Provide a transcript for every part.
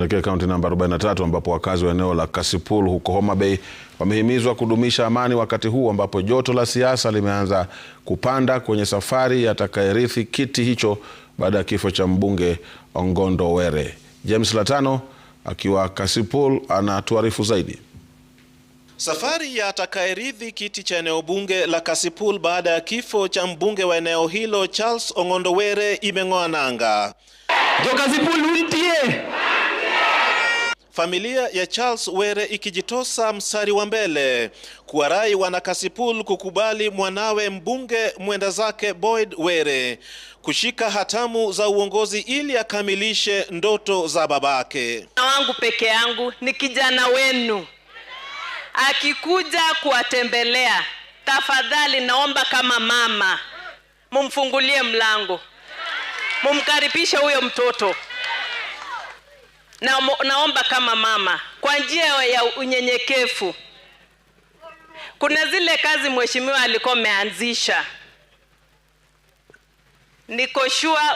Elekea kaunti namba 43 ambapo wakazi wa eneo la Kasipul huko Homa Bay wamehimizwa kudumisha amani wakati huu ambapo joto la siasa limeanza kupanda kwenye safari ya atakayerithi kiti hicho baada ya kifo cha mbunge Ongondo Were. James Latano akiwa Kasipul anatuarifu zaidi. Safari ya atakayerithi kiti cha eneo bunge la Kasipul baada ya kifo cha mbunge wa eneo hilo Charles Ongondo Were imeng'oa nanga. Jo Kasipul untie Familia ya Charles Were ikijitosa mstari wa mbele kuwarai wanakasipul kukubali mwanawe mbunge mwenda zake Boyd Were kushika hatamu za uongozi ili akamilishe ndoto za babake. Na wangu peke yangu ni kijana wenu, akikuja kuwatembelea, tafadhali naomba kama mama mumfungulie mlango, mumkaribishe huyo mtoto na naomba kama mama kwa njia ya unyenyekevu. Kuna zile kazi mheshimiwa alikuwa ameanzisha, niko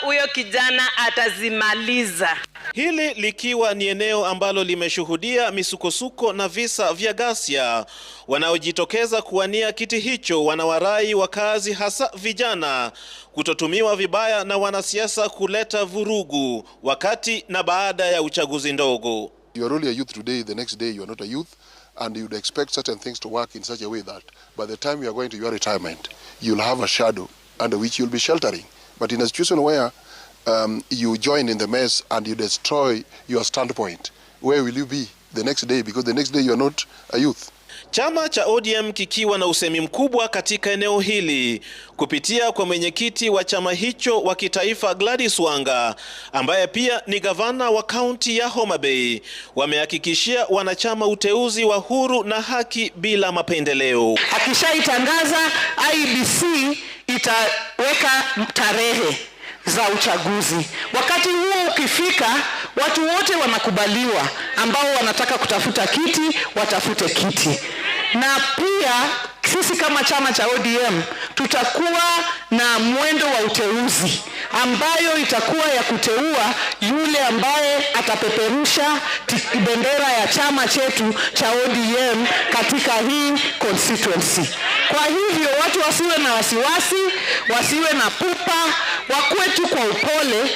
huyo kijana atazimaliza. Hili likiwa ni eneo ambalo limeshuhudia misukosuko na visa vya ghasia. Wanaojitokeza kuwania kiti hicho wanawarai wakazi, hasa vijana, kutotumiwa vibaya na wanasiasa kuleta vurugu wakati na baada ya uchaguzi ndogo. You are only a youth today, the next day you are not a youth and you'd expect certain things to work in such a way that by the time you are going to your retirement you'll have a shadow under which you'll be sheltering but in a situation where um, you join in the mess and you destroy your standpoint, where will you be the next day? Because the next day you are not a youth. Chama cha ODM kikiwa na usemi mkubwa katika eneo hili kupitia kwa mwenyekiti wa chama hicho wa kitaifa Gladys Wanga, ambaye pia ni gavana wa kaunti ya Homa Bay, wamehakikishia wanachama uteuzi wa huru na haki bila mapendeleo. Akishaitangaza IBC itaweka tarehe za uchaguzi. Wakati huo ukifika, watu wote wanakubaliwa, ambao wanataka kutafuta kiti watafute kiti, na pia sisi kama chama cha ODM tutakuwa na mwendo wa uteuzi ambayo itakuwa ya kuteua yule ambaye atapeperusha bendera ya chama chetu cha ODM katika hii constituency. Kwa hivyo watu wasiwe na wasiwasi, wasiwe na pupa, wakuwe tu kwa upole.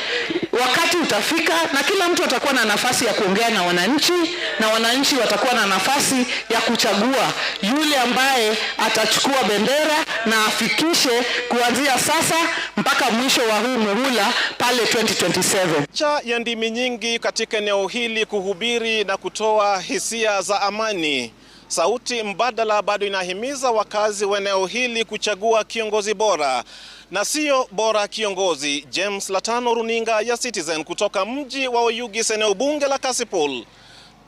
Wakati utafika na kila mtu atakuwa na nafasi ya kuongea na wananchi, na wananchi watakuwa na nafasi ya kuchagua yule ambaye atachukua bendera na afikishe kuanzia sasa mpaka mwisho wa huu muhula pale 2027. cha ya ndimi nyingi katika eneo hili kuhubiri na kutoa hisia za amani Sauti Mbadala bado inahimiza wakazi wa eneo hili kuchagua kiongozi bora na sio bora kiongozi. James Latano, runinga ya Citizen, kutoka mji wa Oyugis, eneo bunge la Kasipul.